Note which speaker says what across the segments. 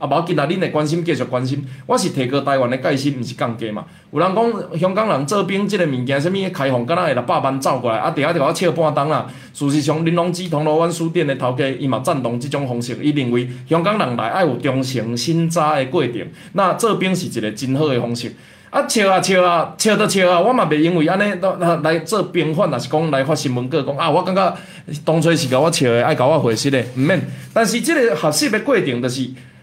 Speaker 1: 啊，無要緊啦。恁嘅關心繼續關心，我是提高台灣嘅價錢，毋是降低嘛。有人講香港人做兵即、這個物件，什物開放，敢若會六百萬走過來，啊，第下就我笑半冬啦。事實上，恁攏知銅鑼灣書店嘅頭家，伊嘛贊同即種方式，伊認為香港人來愛有忠誠審查嘅過程，那做兵是一個真好嘅方式。啊，笑啊笑啊笑到笑啊，我嘛未因為安尼來做兵販，啊，是講來發新聞閣，講啊，我感覺當初是甲我笑嘅，愛甲我回息嘅，毋免。但是即個合適嘅過程、就，著是。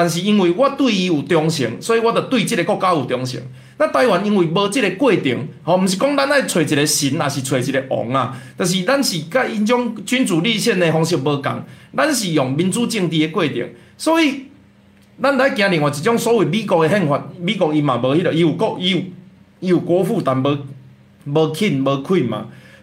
Speaker 1: 但是因為我對伊有忠誠，所以我就對即個國家有忠誠。那台灣因為無即個過程，吼毋是講咱要找一個神，還是找一個王啊？就是，咱是佮嗰種君主立憲的方式無共，咱是用民主政治的過程。所以，咱來走另外一種所謂美國的憲法，美國伊嘛無迄度，伊有國，伊有，有國父但，但係冇冇錢冇權嘛。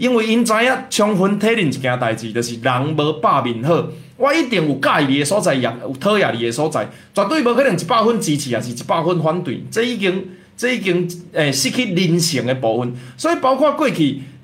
Speaker 1: 因為因知影充分體認一件代志，就是人無百面好，我一定有佮意你嘅所在，也有討厭你嘅所在，絕對無可能一百分支持，也是一百分反對，這已經這已經誒失去人性嘅部分。所以包括過去。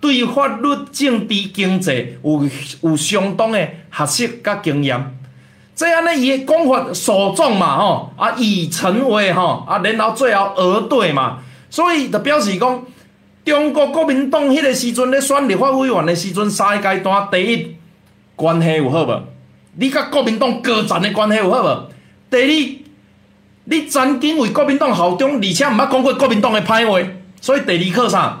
Speaker 1: 對法律、政治、經濟有有相當嘅學習甲經驗，即安尼伊嘅講法所中嘛吼，啊已成為吼，啊然後最後而對嘛，所以就表示講，中國國民黨迄個時陣咧選立法委員嘅時陣，三個階段，第一關係有好無？你甲國民黨高層嘅關係有好無？第二，你曾經為國民黨效忠，而且毋捌講過國民黨誒歹話，所以第二靠啥？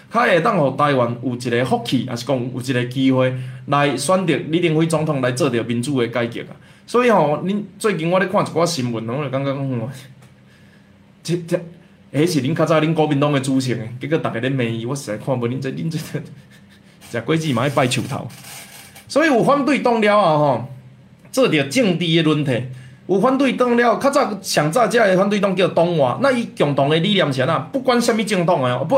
Speaker 1: 他會當讓台灣有一個福氣，還是講有一個機會來選擇李登輝總統來做掉民主的改革，所以吼、哦，您最近我咧看一寡新聞，我就感覺講哇，即這，迄是恁較早恁國民黨嘅主席，結果大家咧罵伊，我實在看無恁這恁這食果子，馬上拜樹頭。所以有反對黨了啊吼，做掉政治嘅輪替，有反對黨了，較早上早只個反對黨叫黨外，那伊共同嘅理念啥吶？不管啥物政黨嘅哦，我不。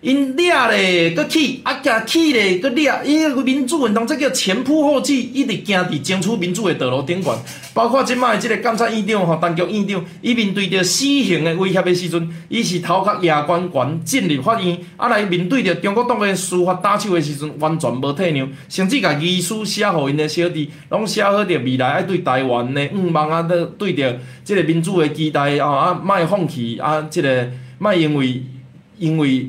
Speaker 1: 因掠嘞，閣起，啊，加起嘞，閣掠。伊個民主運動，這叫前仆後繼，他們一直行佇爭取民主的道路頂懸。包括即擺即個監察院長吼，陳菊院長，伊面對着死刑的威脅的時陣，伊是頭殼野懸懸，進入法院，啊來面對着中國黨嘅司法打手的時陣，完全無退讓，甚至共遺書寫予因的小弟，攏寫好佇未來愛對台灣嘅毋萬啊，對對着即個民主嘅期待哦，啊，莫放棄，啊，即、這個莫因為因為。因為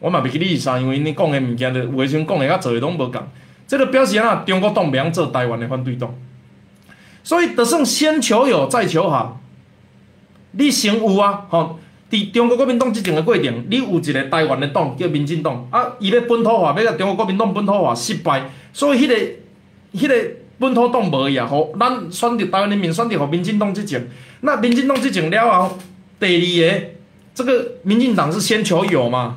Speaker 1: 我嘛袂記你是啥，因為你講嘅物件，這個、就完全講嘅甲做嘅攏無同，即個表示啊，中國黨袂曉做台灣嘅反對黨，所以就算先求有再求好，你先有啊，吼！佇中國國民黨執政嘅過程，你有一個台灣嘅黨叫民進黨，啊，伊咧本土化，要甲中國國民黨本土化失敗，所以迄、那個、迄、那個本土黨無呀，好，咱選擇台灣人民選擇，互民進黨執政。那民進黨執政了後，第二個，這個民進黨是先求有嘛？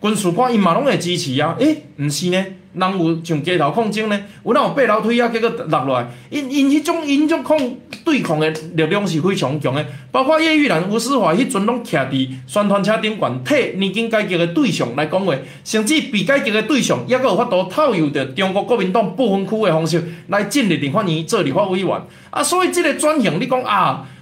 Speaker 1: 軍事官，伊嘛攏會支持啊，誒、欸，毋是呢，人有上街頭抗爭呢，有那有爬樓梯啊，結果落來，因因迄種，因種抗對抗嘅力量是非常強嘅。包括葉毓蘭、吳斯懷，迄陣攏徛佇宣傳車頂，講替年金改革嘅對象來講話，甚至比改革嘅對象，抑佫有法度套用着中國國民黨不分區嘅方式來進入立法院做立法委員。啊，所以即個轉型，你講啊？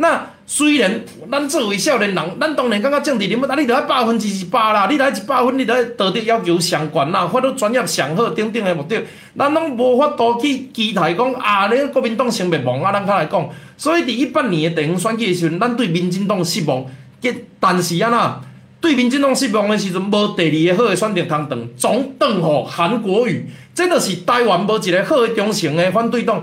Speaker 1: 那雖然咱作為少年人，咱當然感覺政治人物，啊，你得百分之一百啦，你得一百分，你得道德要求上懸啦，法律專業上好等等的目的，咱攏無法度去期待講啊，你國民黨生滅亡啊，咱較來講。所以佇一八年嘅地方選舉的時陣，咱對民進黨失望。但是啊呐，對民進黨失望的時陣，無第二個好嘅選擇通等，總等吼韓國瑜，即著是台灣無一個好嘅中性嘅反對黨。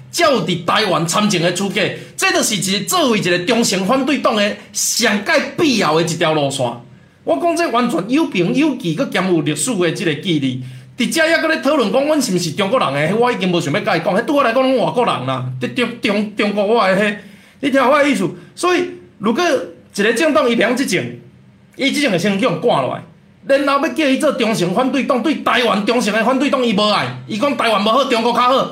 Speaker 1: 才有佇台灣參政的資格，即就是一個作為一個忠誠反對黨嘅上界必要嘅一條路線。我講這完全有憑有據，閣兼有歷史嘅即個記錄佇遮，還閣咧討論講，阮是毋是中國人誒？我已經無想要甲伊講，迄對我來講攏外國人啦。佇中中中國話誒、那個，嘿！汝聽我的意思。所以，如果一個政黨伊兩即種，伊即種嘅形象掛落來，然後要叫伊做忠誠反對黨，對台灣忠誠嘅反對黨伊無愛。伊講台灣無好，中國較好。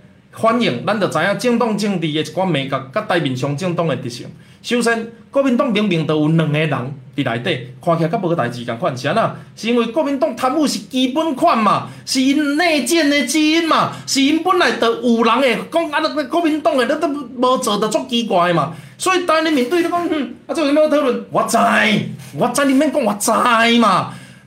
Speaker 1: 反映咱就知影政黨政治的一寡，面相，甲台面上政黨嘅特性。首先，國民黨明明都有兩個人佇內底，看起來較無代志，共款是安怎？是因為國民黨貪污是基本款嘛？是因內戰嘅基因嘛？是因本來就有人會講啊？那國民黨嘅你都無做，就足奇怪的嘛？所以當你面對你講，哼、嗯、啊，做陣要討論，我知，我知，你免講，我知嘛？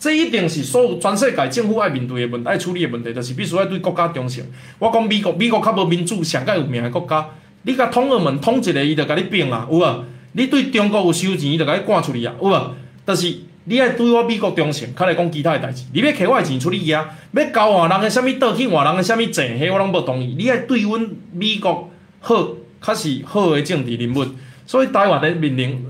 Speaker 1: 這一定是所有全世界政府要面對嘅問題，要處理嘅問題，就是必須要對國家忠誠。我講美國，美國較無民主，上較有名嘅國家，你甲通俄門統一咧，伊着甲你拼啊。有無？你對中國有收錢，伊着甲你趕出去啊，有無？但、就是你愛對我美國忠誠，較來講其他嘅代志，你要摕我嘅錢處理啊，要交換人嘅啥物倒去換人嘅啥物錢，嘿，我攏無同意。你愛對阮美國好，較是好嘅政治人物，所以台灣嘅面臨。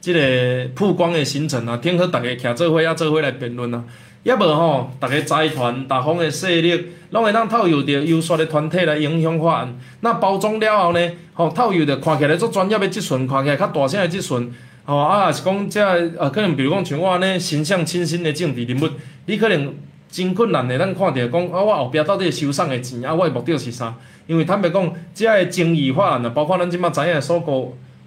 Speaker 1: 即、這個曝光的行程啊，通去逐個徛做伙啊做伙來評論啊，抑無吼，逐個財團、大方的勢力，攏會讓套有着優秀滴團體來影響法案。那包裝了後呢，吼、哦，套有着看起來遮專業嘅即詢，看起來較大聲嘅即詢，吼、哦、啊，是講遮個呃，可能比如講像我安尼形象清新嘅政治人物，你可能真困難嘅，咱看着講啊，我後壁到底收上嘅錢啊，我誒目的是啥？因為坦白講，遮誒爭議法案啊，包括咱即擺知影嘅收購。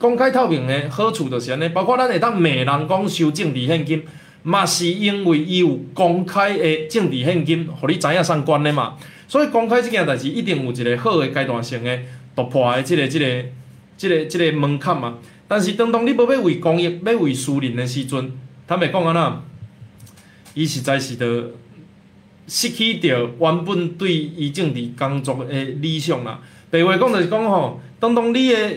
Speaker 1: 公開透明嘅好處就是安尼，包括咱會當罵人講收政治獻金，嘛是因為伊有公開嘅政治獻金，互你知影相關嘅嘛。所以公開即件代志，一定有一個好嘅階段性誒突破嘅，即個即個即個即個門檻嘛。但是當當你要欲為公益，欲為私人嘅時陣，他咪講安怎伊實在是着失去着原本對伊政治工作嘅理想啦。第二話講就是講吼，當當你嘅。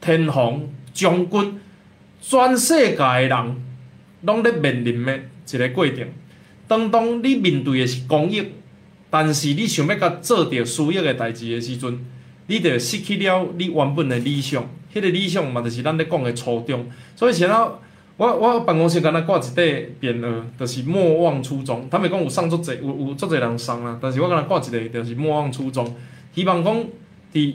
Speaker 1: 天皇將軍，全世界的人攏咧面臨嘅一個過程。當當你面對嘅是公益，但是你想要甲做到需要嘅代志嘅時陣，你就失去了你原本嘅理想。迄個理想嘛，就是咱咧講嘅初衷。所以像頭我我辦公室敢若掛一塊匾額，就是“莫忘初衷”。他們講有送足儕，有有足儕人送啦，但是我敢若掛一個，就是“莫忘初衷”，希望講佇。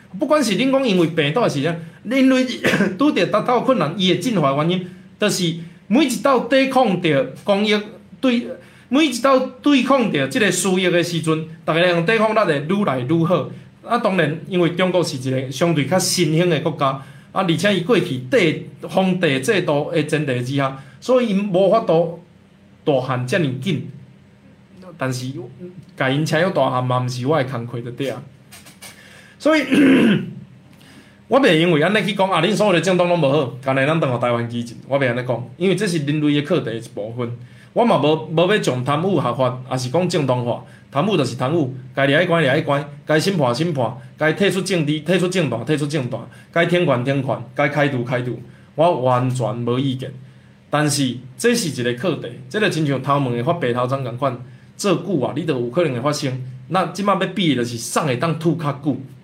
Speaker 1: 不管是恁講因為病毒還是啥，恁因為拄着達到困難，伊嘅進化的原因，著是每一道對抗着公益，對，每一道對抗着即個輸液嘅時陣，逐個用對抗力會愈來愈好。啊，當然，因為中國是一個相對較新興嘅國家，啊，而且伊過去地皇帝制度嘅前提之下，所以無法度大漢遮尼緊。但是，甲因請迄大漢，嘛毋是我的工課就對啊。所以，我袂因為安尼去講啊，恁所有嘅政黨攏無好，將來咱等候台灣支持，我袂安尼講，因為這是人類嘅課題一部分。我嘛無無要從貪污合法，也是講正當化，貪污就是貪污，該抓去關抓去關，該審判審判，該退出政敵退出政黨退出政黨，該停權停權，該開除開除，我完全無意見。但是，這是一個課題，這個親像頭毛會發白頭鬃共款，這久啊，你着有可能會發生。那即擺要比就是上一當土較久。